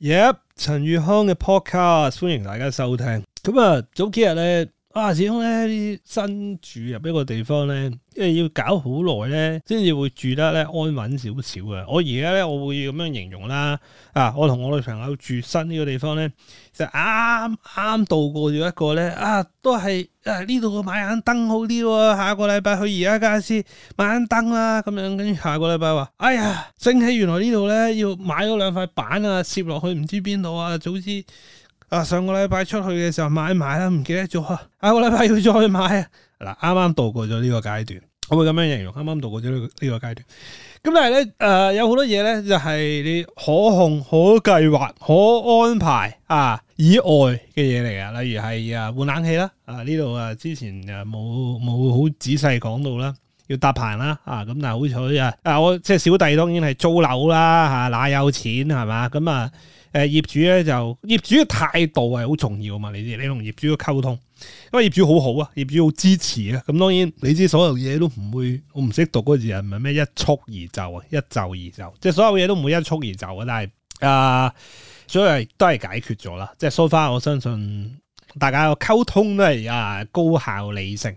耶！陳宇康、yep, 嘅 podcast，歡迎大家收聽。咁啊，早幾日咧。啊！始終咧，新住入一個地方咧，即係要搞好耐咧，先至會住得咧安穩少少嘅。我而家咧，我會咁樣形容啦。啊，我同我女朋友住新呢個地方咧，就啱啱度過咗一個咧，啊，都係啊呢度嘅買眼燈好啲喎，哦。下個禮拜去而家家私買眼燈啦，啊，咁樣跟住下個禮拜話，哎呀，整起原來呢度咧要買咗兩塊板啊，攝落去唔知邊度啊，早知。啊！上個禮拜出去嘅時候買埋啦，唔記得咗。下個禮拜要再買啊！嗱，啱啱度過咗呢個階段，我會咁樣形容。啱啱度過咗呢個階段，咁但係咧，誒、呃，有好多嘢咧，就係、是、你可控、可計劃、可安排啊以外嘅嘢嚟啊。例如係啊，換冷氣啦，啊呢度啊，之前又冇冇好仔細講到啦，要搭棚啦，啊咁，但係好彩啊，啊我即係、就是、小弟，當然係租樓啦，吓、啊、哪有錢係嘛，咁啊。誒，業主咧就業主嘅態度係好重要啊嘛！你你同業主嘅溝通，因為業主好好啊，業主好支持啊。咁當然，你知所有嘢都唔會，我唔識讀嗰字啊，唔係咩一蹴而就啊，一就而就，即係所有嘢都唔會一蹴而就啊。但係啊、呃，所以都係解決咗啦。即係 so far，我相信大家嘅溝通都係啊高效理性。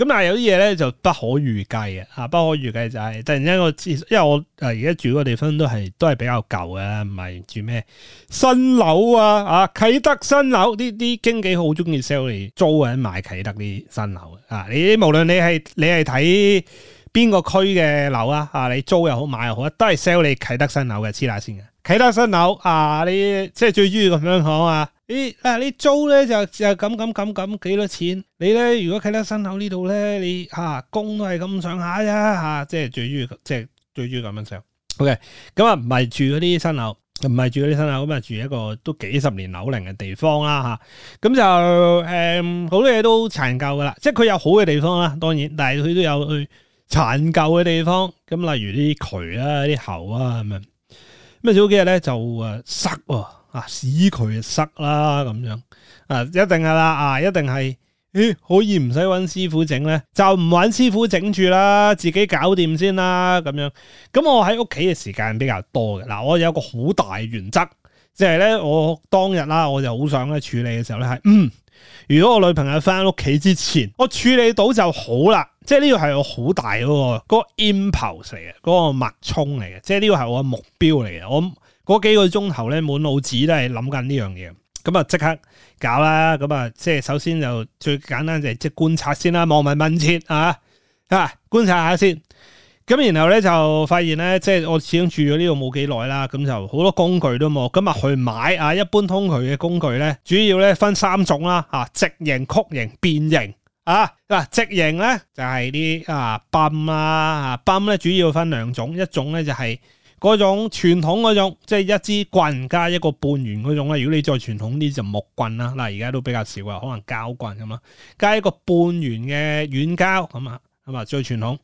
咁啊，但有啲嘢咧就不可預計嘅。啊不可預計就係突然之間我知，因為我而家住嗰個地方都係都係比較舊嘅，唔係住咩新樓啊，啊啟德新樓呢啲經紀好中意 sell 你租或者買啟德啲新樓啊，你無論你係你係睇邊個區嘅樓啊，啊你租又好買又好，都係 sell 你啟德新樓嘅黐乸先嘅，啟德新樓啊你即係最中意咁樣講啊。誒，嗱、欸，你租咧就就咁咁咁咁幾多錢？你咧如果企喺新樓呢度咧，你吓供、啊、都係咁上下咋吓、啊？即係最主要，即係最主要咁樣上。OK，咁啊唔係住嗰啲新樓，唔係住嗰啲新樓，咁、就、啊、是、住一個都幾十年樓齡嘅地方啦吓。咁、啊、就誒、呃，好多嘢都殘舊噶啦。即係佢有好嘅地方啦，當然，但係佢都有殘舊嘅地方。咁例如啲渠啊、啲喉啊咁樣。咁啊，早幾日咧就誒塞。啊！屎渠塞啦咁樣啊，一定係啦啊，一定係咦、欸？可以唔使搵師傅整咧？就唔搵師傅整住啦，自己搞掂先啦咁樣。咁我喺屋企嘅時間比較多嘅嗱、啊，我有個好大原則，即係咧我當日啦，我就好想咧處理嘅時候咧係嗯，如果我女朋友翻屋企之前，我處理到就好啦。即係呢個係我好大嗰、嗰個、嗰個 impulse 嚟嘅，嗰、嗰個脈衝嚟嘅，即係呢個係我嘅目標嚟嘅，我。嗰幾個鐘頭咧，滿腦子都係諗緊呢樣嘢，咁啊即刻搞啦，咁啊即係首先就最簡單就係即係觀察先啦，望聞問切啊，啊觀察下先，咁然後咧就發現咧，即、就、係、是、我始終住咗呢度冇幾耐啦，咁就好多工具都冇，咁啊去買啊，一般通渠嘅工具咧，主要咧分三種啦，吓、啊、直型、曲型、變型啊，嗱直型咧就係、是、啲啊泵啦，泵咧、啊、主要分兩種，一種咧就係、是。嗰種傳統嗰種，即係一支棍加一個半圓嗰種咧。如果你再傳統啲就木棍啦，嗱而家都比較少啊，可能膠棍咁啊，加一個半圓嘅軟膠咁啊，咁啊最傳統。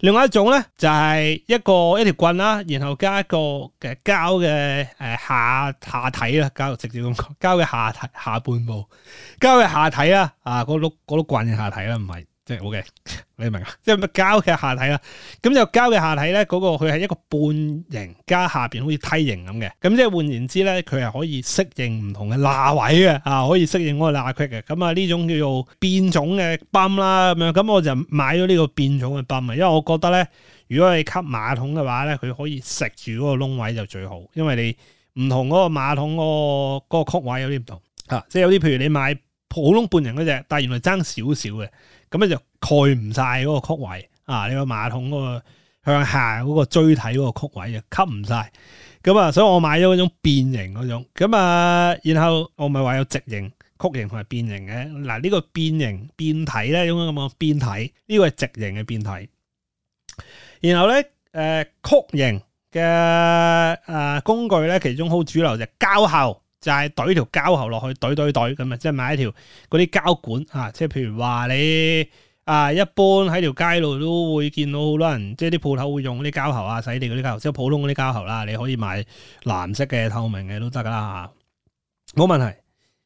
另外一種咧就係一個一條棍啦，然後加一個嘅膠嘅誒下下體啦，膠直接咁講膠嘅下體下半部，膠嘅下體啊啊，嗰碌嗰碌，嗰個棍嘅下體啦，唔係。OK，你明啊？即係咪膠嘅下體啦？咁就膠嘅下體咧，嗰個佢係一個半形，加下邊好似梯形咁嘅。咁即係換言之咧，佢係可以適應唔同嘅罅位嘅啊，可以適應嗰個罅隙嘅。咁啊呢種叫做變種嘅泵啦，咁樣咁我就買咗呢個變種嘅泵啊。因為我覺得咧，如果你吸馬桶嘅話咧，佢可以食住嗰個窿位就最好，因為你唔同嗰個馬桶個個曲位有啲唔同啊，即係有啲譬如你買普通半形嗰隻，但係原來爭少少嘅。咁咧就蓋唔晒嗰個曲位啊！你個馬桶嗰個向下嗰個錐體嗰個曲位就吸唔晒。咁啊，所以我買咗嗰種變形嗰種。咁啊，然後我咪話有直形、曲形同埋變形嘅。嗱、啊，呢、這個變形變體咧，用咁樣變體。呢、這個係直形嘅變體。然後咧，誒、呃，曲形嘅誒工具咧，其中好主流就膠喉就係懟條膠喉落去懟懟懟咁啊，即係買一條嗰啲膠管啊，即係譬如話你啊，一般喺條街度都會見到好多人，即係啲鋪頭會用嗰啲膠喉啊，洗地嗰啲膠喉，即係普通嗰啲膠喉啦，你可以買藍色嘅、透明嘅都得噶啦吓，冇、啊、問題。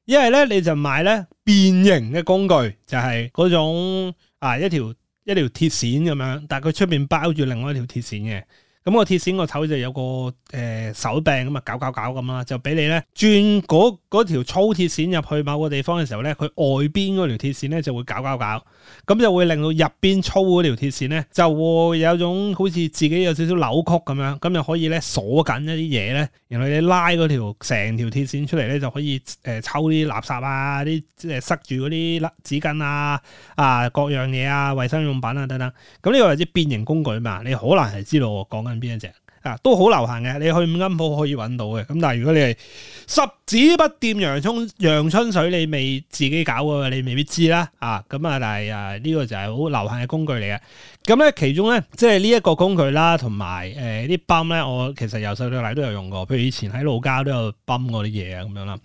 因為咧，你就買咧變形嘅工具，就係、是、嗰種啊一條一條鐵線咁樣，但係佢出邊包住另外一條鐵線嘅。咁個鐵線個頭就有個、呃、手柄咁啊，搞搞搞咁啦，就俾你咧轉嗰條粗鐵線入去某個地方嘅時候咧，佢外邊嗰條鐵線咧就會搞搞搞，咁就會令到入邊粗嗰條鐵線咧就會有種好似自己有少少扭曲咁樣，咁就可以咧鎖緊一啲嘢咧，然後你拉嗰條成條鐵線出嚟咧就可以、呃、抽啲垃圾啊，啲即係塞住嗰啲紙巾啊、啊各樣嘢啊、衛生用品啊等等，咁呢個係隻變形工具嘛，你好難係知道我講緊邊一隻啊，都好流行嘅，你去五金鋪可以揾到嘅。咁但係如果你係十指不沾陽春陽春水，你未自己搞嘅，你未必知啦。啊，咁啊，但係啊，呢個就係好流行嘅工具嚟嘅。咁、啊、咧，其中咧，即係呢一個工具啦，同埋誒啲泵咧，我其實由細到大都有用過，譬如以前喺老家都有泵嗰啲嘢啊，咁樣啦。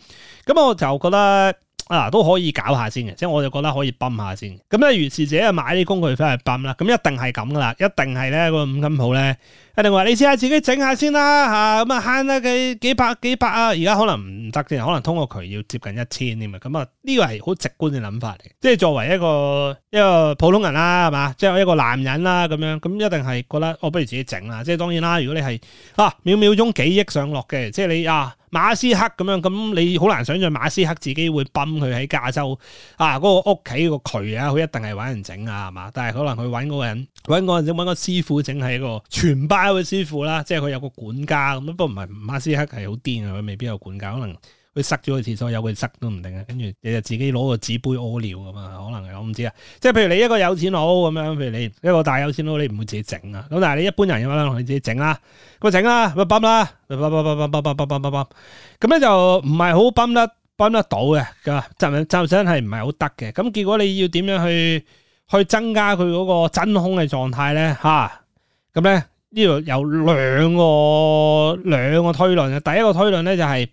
咁我就覺得。啊，都可以搞下先嘅，即係我就覺得可以泵下先。咁咧，如是者自己買啲工具翻去泵啦。咁一定係咁噶啦，一定係咧、咧個五金鋪咧，一定話你試下自己整下先啦嚇咁啊，慳、啊、得幾，幾百幾百啊！而家可能唔得可能通過佢要接近一千添嘛。咁啊，呢個係好直觀嘅諗法嚟，即係作為一個一個普通人啦、啊，係嘛？即係一個男人啦、啊，咁樣咁一定係覺得我不如自己整啦。即係當然啦，如果你係啊秒秒鐘幾億上落嘅，即係你啊。馬斯克咁樣，咁你好難想象馬斯克自己會泵佢喺加州啊嗰個屋企個渠啊，佢一定係揾人整啊，係嘛？但係可能佢揾個人揾個人整個師傅整係一個全包嘅師傅啦，即係佢有個管家咁咯。不過唔係馬斯克係好癲啊，佢未必有管家可能。塞咗去廁所，有佢塞都唔定啊！跟住你就自己攞個紙杯屙尿咁啊，可能係我唔知啊。即係譬如你一個有錢佬咁樣，譬如你一個大有錢佬，你唔會自己整啊。咁但係你一般人嘅話咧，你自己整啦，咁整啦，咁啊崩啦，咁咧就唔係好崩得得到嘅，就真係唔係好得嘅。咁結果你要點樣去去增加佢嗰個真空嘅狀態咧？吓，咁咧呢度有兩個兩個推論啊。第一個推論咧就係。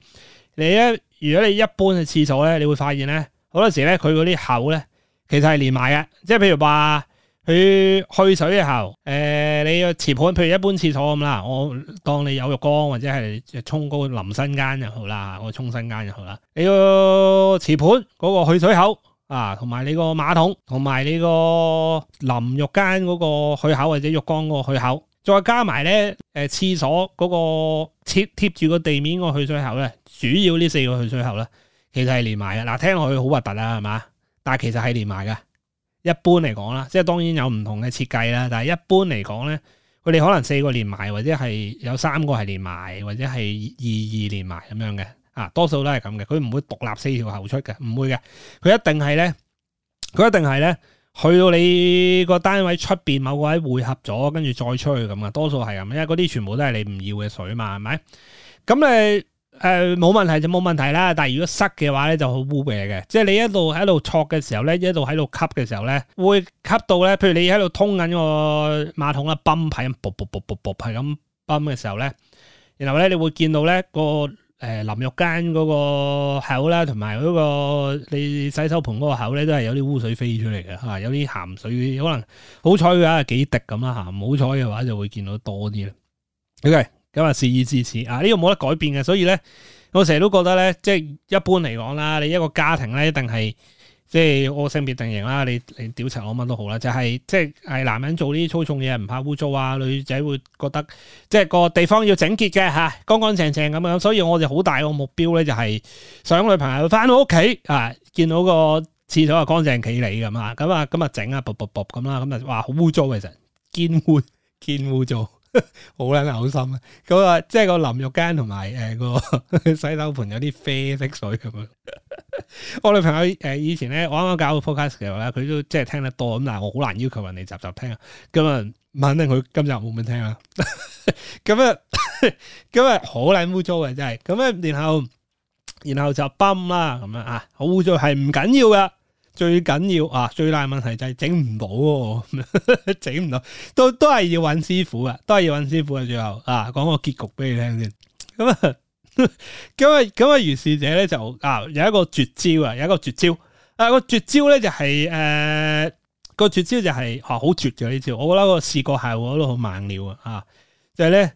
你咧如果你一般嘅廁所咧，你會發現咧，好多時咧佢嗰啲口咧其實係連埋嘅，即係譬如話佢去，去水嘅口，誒、呃、你個瓷盤，譬如一般廁所咁啦，我當你有浴缸或者係沖個淋身間又好啦，我沖身間又好啦，你個瓷盤嗰、那個去水口啊，同埋你個馬桶，同埋你個淋浴間嗰個去口或者浴缸嗰個去口。再加埋咧、呃，廁所嗰個貼貼住個地面個去水喉咧，主要呢四個去水喉咧，其實係連埋嘅。嗱，聽落去好核突啊，係嘛？但係其實係連埋㗎。一般嚟講啦，即係當然有唔同嘅設計啦，但係一般嚟講咧，佢哋可能四個連埋，或者係有三個係連埋，或者係二二連埋咁樣嘅。啊，多數都係咁嘅，佢唔會獨立四條喉出嘅，唔會嘅。佢一定係咧，佢一定係咧。去到你個單位出面，某個位匯合咗，跟住再出去咁啊！多數係咁，因為嗰啲全部都係你唔要嘅水嘛，係咪？咁誒誒冇問題就冇問題啦。但係如果塞嘅話咧，就好污嘅嘅。即係你一路喺度戳嘅時候咧，一路喺度吸嘅時候咧，會吸到咧。譬如你喺度通緊個馬桶啊，泵係咁，卜卜卜卜卜咁泵嘅時候咧，然後咧你會見到咧個。誒，淋浴間嗰個口啦，同埋嗰個你洗手盆嗰個口咧，都係有啲污水飛出嚟嘅吓，有啲鹹水，可能好彩嘅話幾滴咁啦吓，唔好彩嘅話就會見到多啲啦。OK，咁日事已至此啊，呢個冇得改變嘅，所以咧，我成日都覺得咧，即係一般嚟講啦，你一個家庭咧，一定係。即係我性別定型啦，你你屌柒我乜都好啦，就係即係係男人做呢啲粗重嘢唔怕污糟啊，女仔會覺得即係個地方要整潔嘅吓，乾乾淨淨咁樣，所以我哋好大個目標咧，就係想女朋友翻到屋企啊，見到個廁所啊乾淨企理咁啊，咁啊咁啊整啊，卜卜卜咁啦，咁啊哇好污糟其實，堅污見污糟。好撚嘔心啊！咁啊，即係個淋浴間同埋誒個洗手盆有啲啡色水咁樣。 我女朋友誒以前咧，我啱啱搞個 podcast 嘅話咧，佢都即係聽得多咁，但係我好難要求人哋集集聽啊。咁 啊那，肯定佢今日冇咁聽啦。咁啊，咁啊，好撚污糟嘅真係。咁咧，然後然後就泵啦咁樣啊，好污糟係唔緊要噶。最緊要啊，最大問題就係整唔到，整唔到都都係要揾師傅啊，都係要揾師傅啊。最後啊，講個結局俾你聽先。咁、嗯、啊，咁、嗯、啊，咁、嗯、啊，如、嗯、是、嗯嗯、者咧就啊有一個絕招啊，有一個絕招啊，個絕招咧、啊那個、就係、是、誒、呃那個絕招就係、是、啊好絕嘅呢招，我覺得個視覺效果都好猛料啊。就係、是、咧，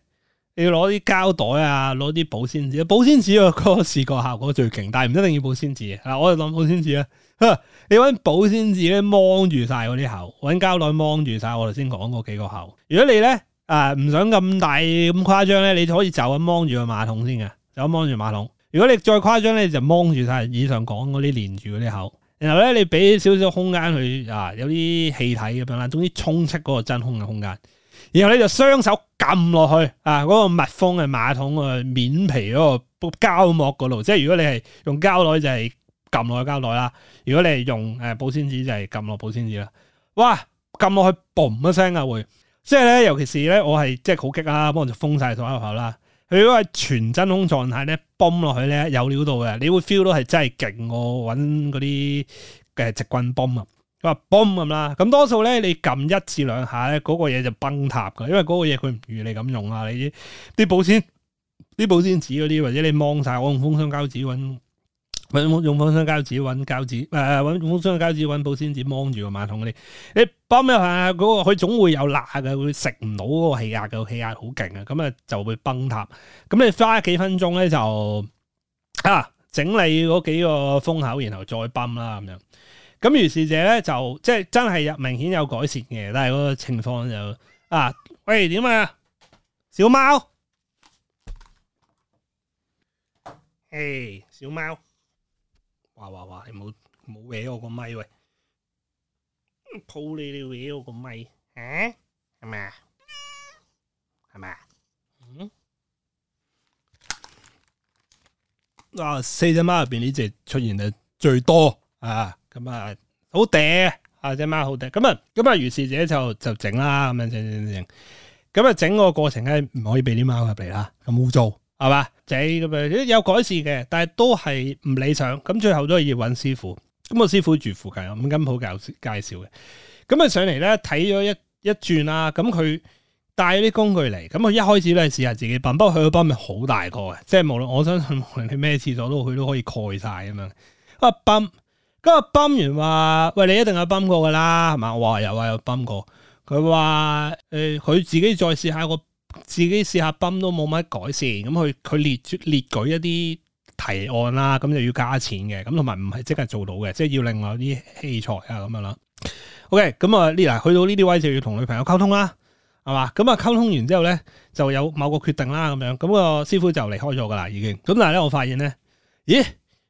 你要攞啲膠袋啊，攞啲保鮮紙，保鮮紙啊，我、那、視覺、個、效果最勁，但係唔一定要保鮮紙啊，我就當保鮮紙呵，你揾保鮮紙咧，摸住晒嗰啲口，揾膠袋摸住晒我頭先講嗰幾個口。如果你咧啊唔想咁大咁誇張咧，你就可以就咁摸住個馬桶先嘅，就咁摸住馬桶。如果你再誇張咧，你就摸住晒以上講嗰啲連住嗰啲口，然後咧你俾少少空間佢啊，有啲氣體咁樣啦。總之，充斥嗰個真空嘅空間，然後你就雙手撳落去啊，嗰個密封嘅馬桶嘅面皮嗰個膠膜嗰度。即係如果你係用膠袋就係。撳落去膠袋、呃去啊、啦，啦，如果你係用誒保鮮紙就係撳落保鮮紙啦。哇，撳落去 boom 一聲啊會，即係咧，尤其是咧，我係即係好激啊，幫我就封晒所入口啦。佢如果係全真空狀態咧，boom 落去咧有料到嘅，你會 feel 到係真係勁。我搵嗰啲嘅直棍 boom 啊，佢話 boom 咁啦。咁多數咧，你撳一次兩下咧，嗰、那個嘢就崩塌噶，因為嗰個嘢佢唔如你咁用啊。你啲啲保鮮啲保鮮紙嗰啲，或者你摸晒，我用封箱膠紙搵。用封箱膠紙，搵膠紙，誒、呃、誒，搵封箱膠紙，保鮮紙蒙住個馬桶嗰啲。誒、那個，泵咩吓？個佢總會有辣嘅，會食唔到個氣壓嘅，氣壓好勁啊！咁啊，就會崩塌。咁你花幾分鐘咧就啊，整理嗰幾個封口，然後再泵啦咁樣。咁如是者咧，就即係真係有明顯有改善嘅，但係嗰個情況就啊，喂，點啊？小貓，嘿、hey，小貓。話話話你冇冇搲我個咪喂，抱你哋搲我個咪，係咪？係咪？嗯，嗱，四隻貓入邊呢隻出現得最多啊，咁啊好嗲啊，隻貓好嗲，咁啊咁啊，於是者就就整啦，咁樣整整整，咁啊整個過程咧唔可以俾啲貓入嚟啦，咁污糟。係嘛？仔咁樣有改善嘅，但係都係唔理想。咁最後都係要搵師傅。咁個師傅住附近，五金鋪教介紹嘅。咁啊上嚟咧睇咗一一轉啦。咁佢帶啲工具嚟。咁佢一開始咧試下自己泵。不過佢個泵咪好大個嘅，即係無論我相信無論你咩廁所都佢都可以蓋晒咁樣。啊泵，咁啊泵完話，喂，你一定有泵過噶啦，係嘛？我話有，話有泵過。佢話誒，佢、呃、自己再試下、那個。自己試下泵都冇乜改善，咁佢佢列列舉一啲提案啦，咁就要加錢嘅，咁同埋唔係即刻做到嘅，即係要另外啲器材啊咁樣啦。OK，咁啊呢嗱，去到呢啲位就要同女朋友溝通啦，係嘛？咁啊溝通完之後咧，就有某個決定啦，咁樣，咁個師傅就離開咗噶啦，已經。咁但係咧，我發現咧，咦，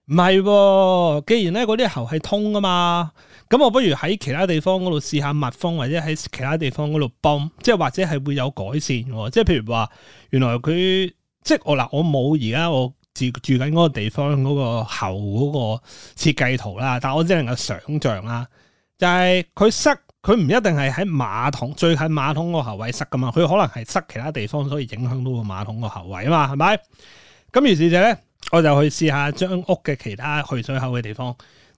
唔係喎，既然咧嗰啲喉係通啊嘛。咁我不如喺其他地方嗰度試下密封，或者喺其他地方嗰度泵，即係或者係會有改善喎。即係譬如話，原來佢即係我嗱，我冇而家我住住緊嗰個地方嗰個喉嗰個設計圖啦，但我只能夠想象啦，就係、是、佢塞，佢唔一定係喺馬桶最近馬桶個喉位塞噶嘛，佢可能係塞其他地方，所以影響到個馬桶個喉位啊嘛，係咪？咁於是就咧，我就去試下將屋嘅其他去水口嘅地方。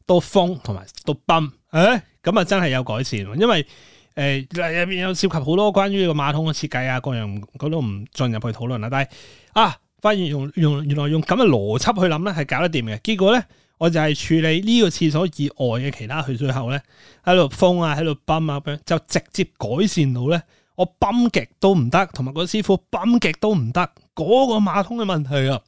都封同埋都泵，誒咁啊就真係有改善，因為誒入邊有涉及好多關於個馬桶嘅設計啊，各樣都唔進入去討論啦。但係啊，發現用用原來用咁嘅邏輯去諗咧，係搞得掂嘅。結果咧，我就係處理呢個廁所以外嘅其他去水，最後咧，喺度封啊，喺度泵啊咁樣，就直接改善到咧，我泵極都唔得，同埋個師傅泵極都唔得嗰個馬桶嘅問題啊，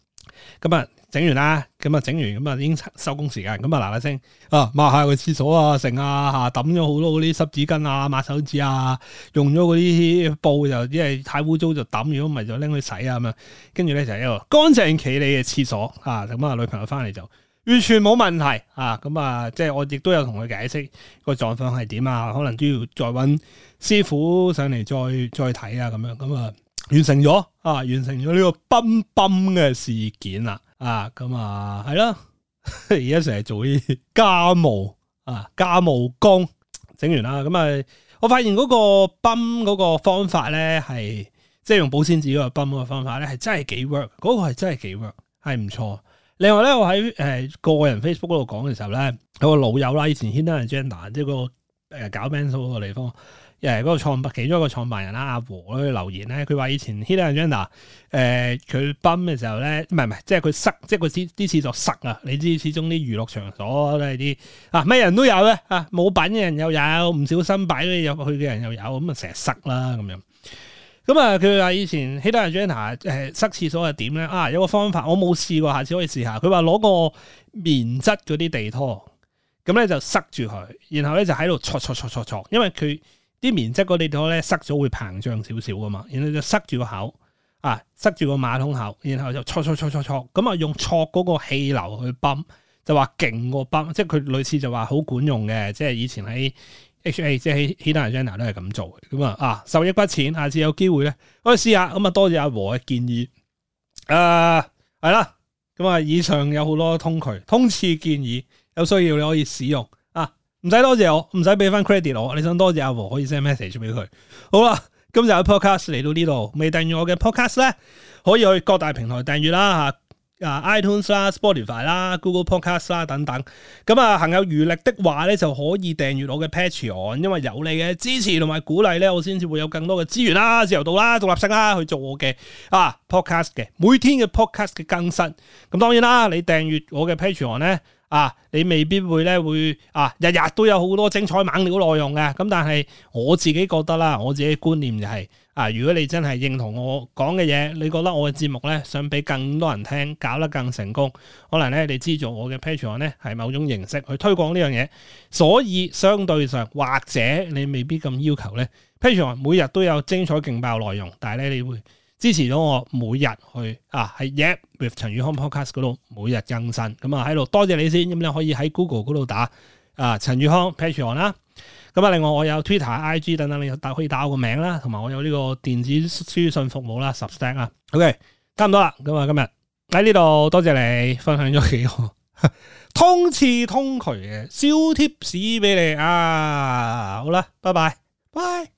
咁啊。整完啦，咁啊整完，咁啊已經收工時間，咁啊嗱嗱聲，啊抹下個廁所啊剩，啊吓，抌咗好多嗰啲濕紙巾啊抹手指啊用咗嗰啲布就因為太污糟就抌咗，咪就拎去洗啊咁樣，跟住咧就係一個乾淨企理嘅廁所啊，咁啊女朋友翻嚟就完全冇問題啊，咁啊即係我亦都有同佢解釋個狀況係點啊，可能都要再揾師傅上嚟再再睇啊，咁樣咁啊完成咗啊，完成咗呢、啊、個崩崩嘅事件啦。啊，咁、嗯、啊，係啦，而家成日做啲家務，家務啊，家務工整完啦，咁啊，我發現嗰個泵，嗰個方法咧，係即係用保鮮紙嗰個泵，嗰個方法咧，係、嗰個、真係幾 work，嗰個係真係幾 work，係唔錯。另外咧，我喺誒、呃、個人 Facebook 嗰度講嘅時候咧，有個老友啦，以前 Hidden Agenda 即係個誒搞 band 個地方。誒嗰個創辦其中一個創辦人啦，阿和咧留言咧，佢話以前 Hilton Jana 誒佢泵、呃、嘅時候咧，唔係唔係，即係佢塞，即係佢啲啲廁所塞啊！你知始終啲娛樂場所都係啲啊，咩人都有嘅啊，冇品嘅人又有，唔小心擺咗入去嘅人又有，咁啊成日塞啦咁樣。咁啊佢話以前 Hilton Jana 誒塞廁所係點咧？啊有個方法，我冇試過，下次可以試下。佢話攞個棉質嗰啲地拖，咁咧就塞住佢，然後咧就喺度戳戳戳戳戳，因為佢。啲棉質嗰啲袋咧塞咗會膨脹少少噶嘛，然後就塞住個口啊，塞住個馬桶口，然後就戳戳戳戳戳，咁啊用戳嗰個氣流去泵，就話勁個泵，即係佢類似就話好管用嘅，即係以前喺 HA 即係喺希丹亞都係咁做嘅，咁啊啊受益匪淺，下次有機會咧可以試下，咁啊多謝阿和嘅建議，誒係啦，咁啊以上有好多通渠通廁建議，有需要你可以使用。唔使多謝我，唔使俾翻 credit 我。你想多謝阿和，可以 send message 俾佢。好啦，今日嘅 podcast 嚟到呢度。未訂閱我嘅 podcast 咧，可以去各大平台訂閱啦。吓、啊，啊 iTunes 啦、Spotify 啦、Google Podcast 啦等等。咁、嗯、啊，行有餘力的話咧，就可以訂閱我嘅 Patreon 因為有你嘅支持同埋鼓勵咧，我先至會有更多嘅資源啦、自由度啦、獨立性啦去做我嘅啊 podcast 嘅每天嘅 podcast 嘅更新。咁、嗯、當然啦，你訂閱我嘅 Patreon 咧。啊！你未必會咧會啊，日日都有好多精彩猛料內容嘅。咁但係我自己覺得啦，我自己觀念就係、是、啊，如果你真係認同我講嘅嘢，你覺得我嘅節目咧想俾更多人聽，搞得更成功，可能咧你知道我嘅 Patreon 咧係某種形式去推廣呢樣嘢。所以相對上，或者你未必咁要求咧。Patreon 每日都有精彩勁爆內容，但係咧你會，支持咗我每日去啊，係 Yet with 陳宇康 podcast 嗰度每日更新，咁啊喺度多謝你先，咁你可以喺 Google 嗰度打啊陳宇康 p a t r o n 啦，咁啊另外我有 Twitter、IG 等等，你可以打我個名啦，同埋我有呢個電子書信服務啦，Substack 啊，OK 差唔多啦，咁啊今日喺呢度多謝你分享咗幾個通刺通渠嘅小 t 士 p 俾你啊，好啦，拜拜 b